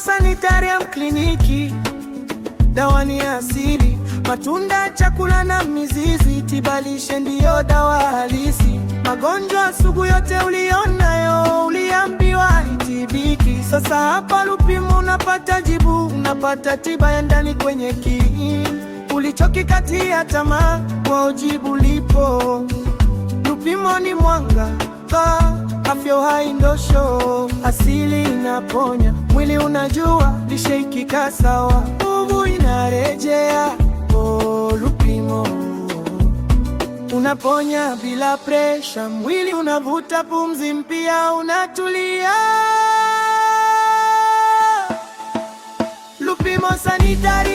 sanitarium kliniki, dawa ni asili, matunda, chakula na mizizi. Tibalishe ndiyo dawa halisi, magonjwa sugu yote ulionayo uliambiwa itibiki. Sasa hapa Lupimo unapata jibu, unapata tiba ya ndani kwenye kati ulichokikatia tamaa, kwa ujibu lipo. Lupimo ni mwanga, afya uhai, ndo asili inaponya. Mwili unajua lishe ikikaa sawa, nguvu inarejea. Oh, Lupimo unaponya bila presha, mwili unavuta pumzi mpya, unatulia. Lupimo sanitari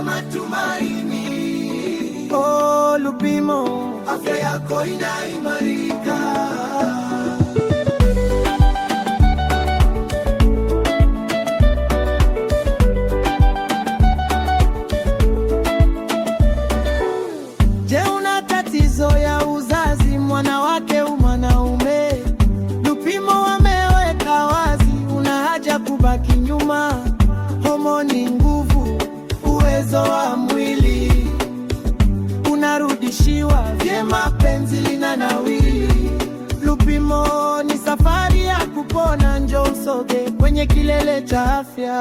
ya matumaini. Oh, Lupimo, afya yako inaimarika. usoge kwenye kilele cha afya.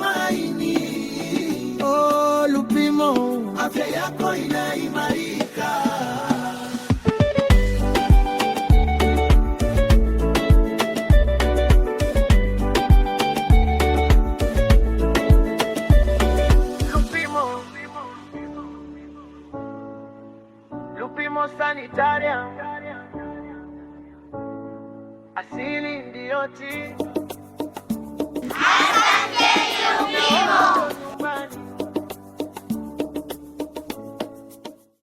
tumaini. Oh, Lupimo, afya yako inaimarika. asili ndiyo tiba.